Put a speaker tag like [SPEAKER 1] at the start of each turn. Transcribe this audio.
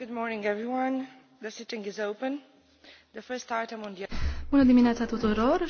[SPEAKER 1] Good morning,
[SPEAKER 2] everyone. The sitting is open. The first item on the...
[SPEAKER 3] Bună dimineața tuturor!